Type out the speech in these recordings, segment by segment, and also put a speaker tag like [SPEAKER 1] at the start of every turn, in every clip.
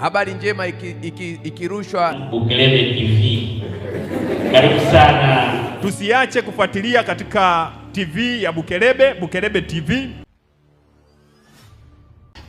[SPEAKER 1] Habari njema ikirushwa iki,
[SPEAKER 2] iki Bukelebe TV. Karibu sana,
[SPEAKER 3] tusiache kufuatilia katika TV ya Bukelebe, Bukelebe TV.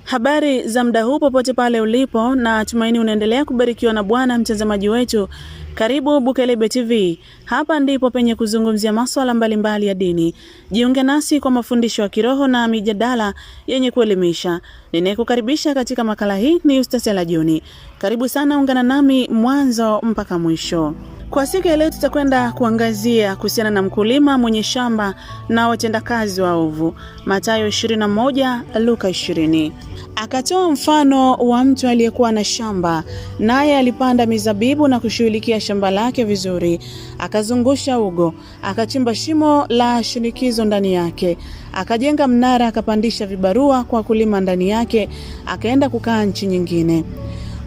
[SPEAKER 4] Habari za muda huu popote pale ulipo, na tumaini unaendelea kubarikiwa na Bwana. Mtazamaji wetu, karibu Bukelebe TV. Hapa ndipo penye kuzungumzia masuala mbalimbali ya dini. Jiunge nasi kwa mafundisho ya kiroho na mijadala yenye kuelimisha. Ninayekukaribisha katika makala hii ni Yustasela juni Karibu sana, ungana nami mwanzo mpaka mwisho. Kwa siku ya leo tutakwenda kuangazia kuhusiana na mkulima mwenye shamba na watendakazi waovu, Mathayo 21, Luka 20. Akatoa mfano wa mtu aliyekuwa na shamba, naye alipanda mizabibu na kushughulikia shamba lake vizuri, akazungusha ugo, akachimba shimo la shinikizo ndani yake, akajenga mnara, akapandisha vibarua kwa kulima ndani yake, akaenda kukaa nchi nyingine.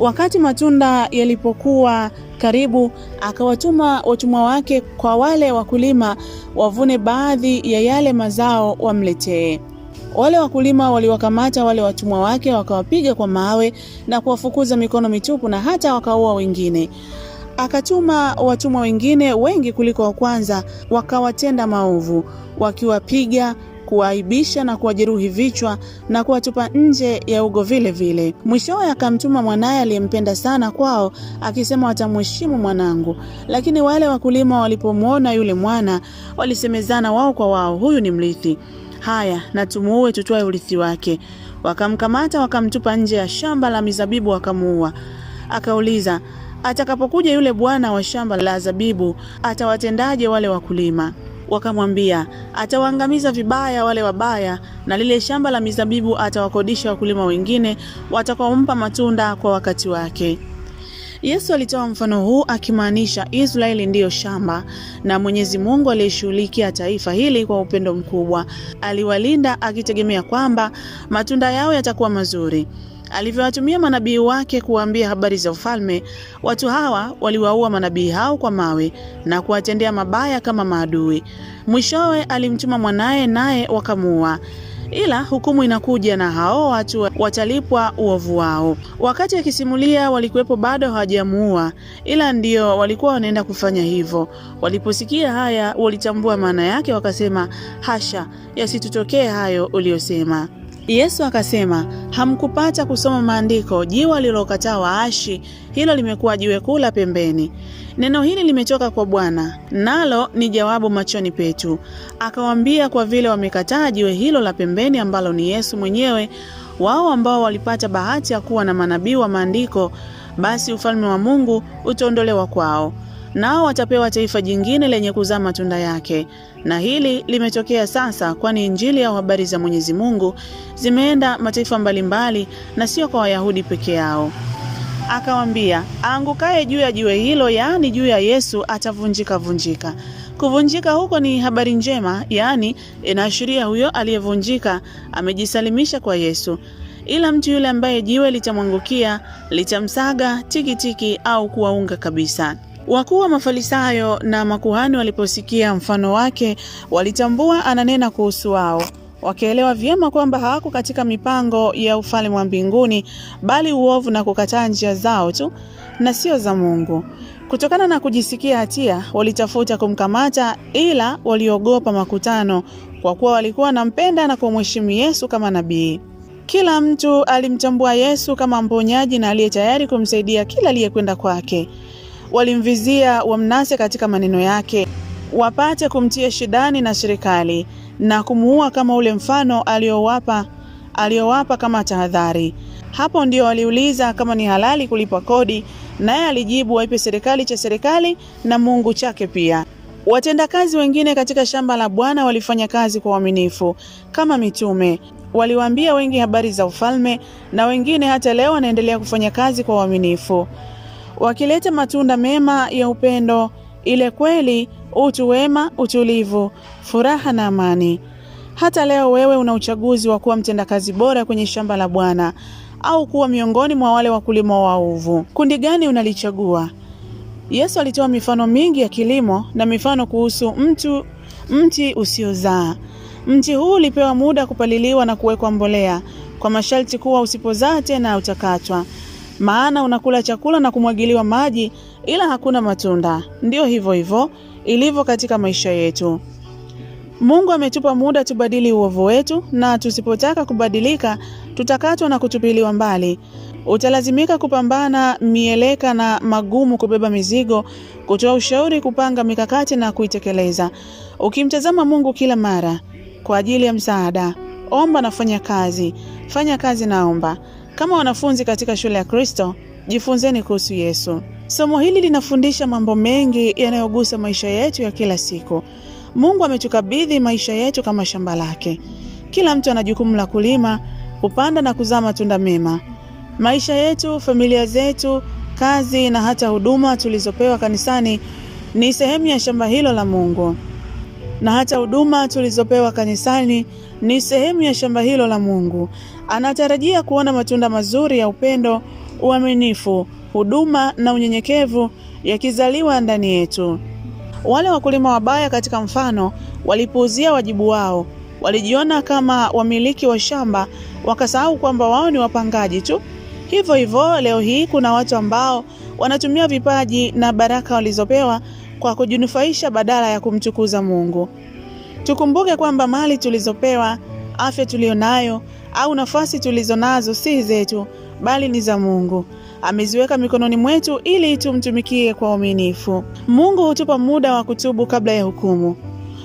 [SPEAKER 4] Wakati matunda yalipokuwa karibu, akawatuma watumwa wake kwa wale wakulima wavune baadhi ya yale mazao wamletee. Wale wakulima waliwakamata wale watumwa wake, wakawapiga kwa mawe na kuwafukuza mikono mitupu, na hata wakaua wengine. Akatuma watumwa wengine wengi kuliko wa kwanza, wakawatenda maovu, wakiwapiga kuwaaibisha na kuwajeruhi vichwa na kuwatupa nje ya ugo vile vile. Mwishowe akamtuma mwanaye aliyempenda sana kwao akisema watamheshimu mwanangu, lakini wale wakulima walipomwona yule mwana walisemezana wao kwa wao, huyu ni mrithi, haya na tumuue, tutwae urithi wake. Wakamkamata wakamtupa nje ya shamba la mizabibu wakamuua. Akauliza, atakapokuja yule bwana wa shamba la zabibu atawatendaje wale wakulima? wakamwambia atawaangamiza vibaya wale wabaya, na lile shamba la mizabibu atawakodisha wakulima wengine watakaompa matunda kwa wakati wake. Yesu alitoa mfano huu akimaanisha Israeli ndiyo shamba na Mwenyezi Mungu aliyeshughulikia taifa hili kwa upendo mkubwa. Aliwalinda akitegemea kwamba matunda yao yatakuwa mazuri alivyowatumia manabii wake kuwaambia habari za ufalme. Watu hawa waliwaua manabii hao kwa mawe na kuwatendea mabaya kama maadui. Mwishowe alimtuma mwanaye, naye wakamuua. Ila hukumu inakuja na hao watu watalipwa uovu wao. Wakati akisimulia, walikuwepo bado hawajamuua, ila ndio walikuwa wanaenda kufanya hivyo. Waliposikia haya, walitambua maana yake, wakasema, hasha, yasitutokee hayo uliyosema. Yesu akasema, hamkupata kusoma maandiko, jiwe lililokataa waashi, hilo limekuwa jiwe kuu la pembeni. Neno hili limetoka kwa Bwana, nalo ni jawabu machoni petu. Akawaambia, kwa vile wamekataa jiwe hilo la pembeni ambalo ni Yesu mwenyewe, wao ambao walipata bahati ya kuwa na manabii wa maandiko, basi ufalme wa Mungu utaondolewa kwao nao watapewa taifa jingine lenye kuzaa matunda yake. Na hili limetokea sasa, kwani Injili au habari za Mwenyezi Mungu zimeenda mataifa mbalimbali, na sio kwa Wayahudi peke yao. Akawambia, aangukaye juu ya jiwe hilo, yaani juu ya Yesu, atavunjika vunjika. Kuvunjika huko ni habari njema, yaani inaashiria huyo aliyevunjika amejisalimisha kwa Yesu, ila mtu yule ambaye jiwe litamwangukia litamsaga tikitiki au kuwaunga kabisa. Wakuu wa Mafarisayo na makuhani waliposikia mfano wake, walitambua ananena kuhusu wao, wakielewa vyema kwamba hawako katika mipango ya ufalme wa mbinguni, bali uovu na kukataa njia zao tu na sio za Mungu. Kutokana na kujisikia hatia, walitafuta kumkamata, ila waliogopa makutano, kwa kuwa walikuwa wanampenda na kumheshimu Yesu kama nabii. Kila mtu alimtambua Yesu kama mponyaji na aliye tayari kumsaidia kila aliyekwenda kwake walimvizia wamnase katika maneno yake wapate kumtia shidani na serikali na kumuua kama ule mfano aliowapa aliyowapa kama tahadhari. Hapo ndio waliuliza kama ni halali kulipa kodi, naye alijibu waipe serikali cha serikali na Mungu chake pia. Watendakazi wengine katika shamba la Bwana walifanya kazi kwa uaminifu kama mitume. Waliwaambia wengi habari za ufalme, na wengine hata leo wanaendelea kufanya kazi kwa uaminifu wakileta matunda mema ya upendo, ile kweli, utu wema, utulivu, furaha na amani. Hata leo wewe una uchaguzi wa kuwa mtendakazi bora kwenye shamba la Bwana au kuwa miongoni mwa wale wakulima waovu. Kundi gani unalichagua? Yesu alitoa mifano mingi ya kilimo na mifano kuhusu mtu mti usiozaa. Mti huu ulipewa muda kupaliliwa na kuwekwa mbolea kwa masharti kuwa usipozaa tena utakatwa maana unakula chakula na kumwagiliwa maji, ila hakuna matunda. Ndiyo hivyo hivyo ilivyo katika maisha yetu. Mungu ametupa muda tubadili uovu wetu, na tusipotaka kubadilika tutakatwa na kutupiliwa mbali. Utalazimika kupambana mieleka na magumu, kubeba mizigo, kutoa ushauri, kupanga mikakati na kuitekeleza, ukimtazama Mungu kila mara kwa ajili ya msaada. Omba na fanya kazi, fanya kazi na omba. Kama wanafunzi katika shule ya Kristo, jifunzeni kuhusu Yesu. Somo hili linafundisha mambo mengi yanayogusa maisha yetu ya kila siku. Mungu ametukabidhi maisha yetu kama shamba lake. Kila mtu ana jukumu la kulima, kupanda na kuzaa matunda mema. Maisha yetu, familia zetu, kazi na hata huduma tulizopewa kanisani ni sehemu ya shamba hilo la Mungu na hata huduma tulizopewa kanisani ni sehemu ya shamba hilo la Mungu. Anatarajia kuona matunda mazuri ya upendo, uaminifu, huduma na unyenyekevu yakizaliwa ndani yetu. Wale wakulima wabaya katika mfano walipuuzia wajibu wao, walijiona kama wamiliki wa shamba, wakasahau kwamba wao ni wapangaji tu. Hivyo hivyo leo hii kuna watu ambao wanatumia vipaji na baraka walizopewa kwa kujinufaisha badala ya kumtukuza Mungu. Tukumbuke kwamba mali tulizopewa, afya tuliyonayo au nafasi tulizonazo si zetu, bali ni za Mungu. Ameziweka mikononi mwetu ili tumtumikie kwa uaminifu. Mungu hutupa muda wa kutubu kabla ya hukumu.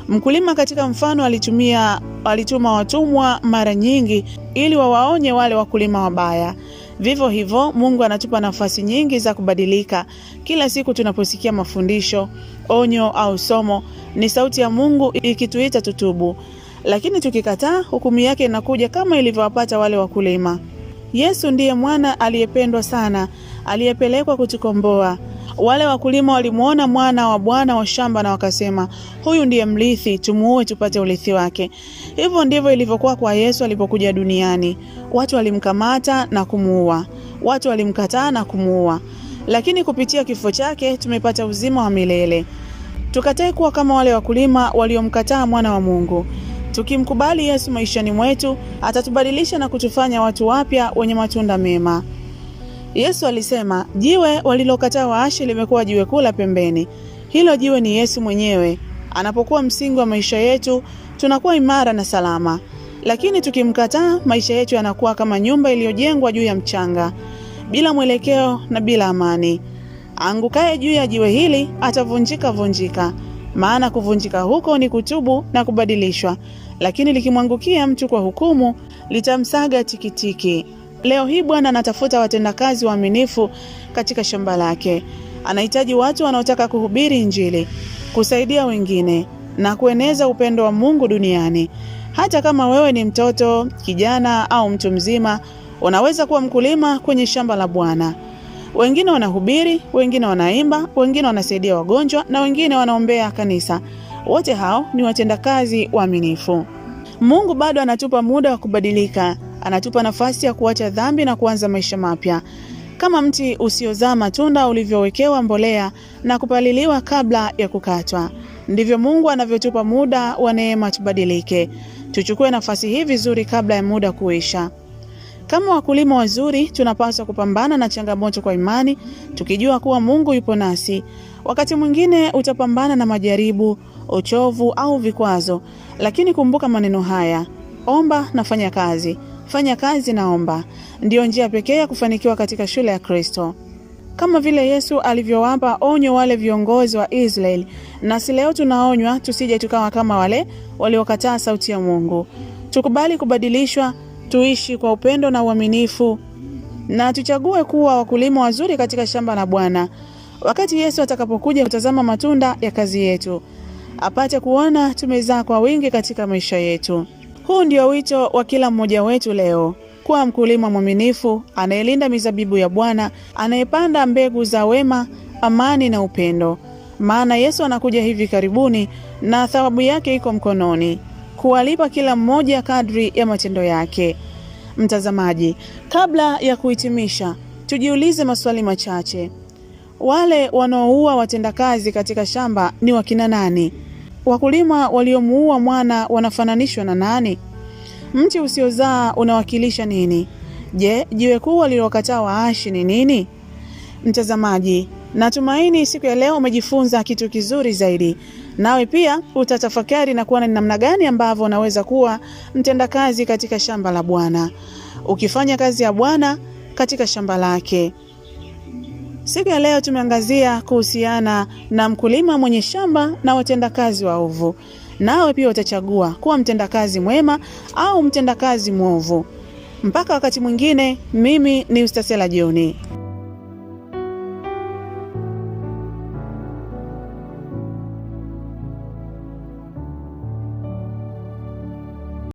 [SPEAKER 4] Mkulima katika mfano alitumia, alituma watumwa mara nyingi ili wawaonye wale wakulima wabaya. Vivyo hivyo, Mungu anatupa nafasi nyingi za kubadilika. Kila siku tunaposikia mafundisho, onyo au somo, ni sauti ya Mungu ikituita tutubu, lakini tukikataa, hukumu yake inakuja kama ilivyowapata wale wakulima. Yesu ndiye mwana aliyependwa sana, aliyepelekwa kutukomboa. Wale wakulima walimwona mwana wa bwana wa shamba na wakasema, huyu ndiye mrithi, tumuue tupate urithi wake. Hivyo ndivyo ilivyokuwa kwa Yesu alipokuja duniani. Watu walimkamata na kumuua, watu walimkataa na kumuua, lakini kupitia kifo chake tumepata uzima wa milele. Tukatae kuwa kama wale wakulima waliomkataa mwana wa Mungu. Tukimkubali Yesu maishani mwetu, atatubadilisha na kutufanya watu wapya wenye matunda mema. Yesu alisema, jiwe walilokataa waashi limekuwa jiwe kula pembeni. Hilo jiwe ni Yesu mwenyewe. Anapokuwa msingi wa maisha yetu, tunakuwa imara na salama, lakini tukimkataa, maisha yetu yanakuwa kama nyumba iliyojengwa juu ya mchanga, bila mwelekeo na bila amani. Angukaye juu ya jiwe hili atavunjika vunjika maana kuvunjika huko ni kutubu na kubadilishwa, lakini likimwangukia mtu kwa hukumu litamsaga tikitiki. Leo hii Bwana anatafuta watendakazi waaminifu katika shamba lake. Anahitaji watu wanaotaka kuhubiri Injili, kusaidia wengine na kueneza upendo wa Mungu duniani. Hata kama wewe ni mtoto, kijana au mtu mzima, unaweza kuwa mkulima kwenye shamba la Bwana. Wengine wanahubiri, wengine wanaimba, wengine wanasaidia wagonjwa na wengine wanaombea kanisa. Wote hao ni watendakazi waaminifu. Mungu bado anatupa muda wa kubadilika, anatupa nafasi ya kuacha dhambi na kuanza maisha mapya. Kama mti usiozaa matunda ulivyowekewa mbolea na kupaliliwa kabla ya kukatwa, ndivyo Mungu anavyotupa muda wa neema tubadilike. Tuchukue nafasi hii vizuri kabla ya muda kuisha. Kama wakulima wazuri, tunapaswa kupambana na changamoto kwa imani, tukijua kuwa Mungu yupo nasi. Wakati mwingine utapambana na majaribu, uchovu au vikwazo, lakini kumbuka maneno haya: omba na fanya kazi, fanya kazi na omba. Ndiyo njia pekee ya kufanikiwa katika shule ya Kristo. Kama vile Yesu alivyowapa onyo wale viongozi wa Israeli, nasi leo tunaonywa tusije tukawa kama wale waliokataa sauti ya Mungu. Tukubali kubadilishwa tuishi kwa upendo na uaminifu na tuchague kuwa wakulima wazuri katika shamba la Bwana wakati Yesu atakapokuja kutazama matunda ya kazi yetu, apate kuona tumezaa kwa wingi katika maisha yetu. Huu ndio wito wa kila mmoja wetu leo, kuwa mkulima mwaminifu anayelinda mizabibu ya Bwana, anayepanda mbegu za wema, amani na upendo, maana Yesu anakuja hivi karibuni na thawabu yake iko mkononi kuwalipa kila mmoja kadri ya matendo yake. Mtazamaji, kabla ya kuhitimisha, tujiulize maswali machache. Wale wanaoua watendakazi katika shamba ni wakina nani? Wakulima waliomuua mwana wanafananishwa na nani? Mti usiozaa unawakilisha nini? Je, jiwe kuu walilokataa waashi ni nini? Mtazamaji, natumaini siku ya leo umejifunza kitu kizuri zaidi. Nawe pia utatafakari na kuona ni namna gani ambavyo unaweza kuwa mtendakazi katika shamba la Bwana, ukifanya kazi ya Bwana katika shamba lake. Siku ya leo tumeangazia kuhusiana na mkulima mwenye shamba na watendakazi waovu. Nawe pia utachagua kuwa mtendakazi mwema au mtendakazi mwovu. Mpaka wakati mwingine, mimi ni Yustasela jioni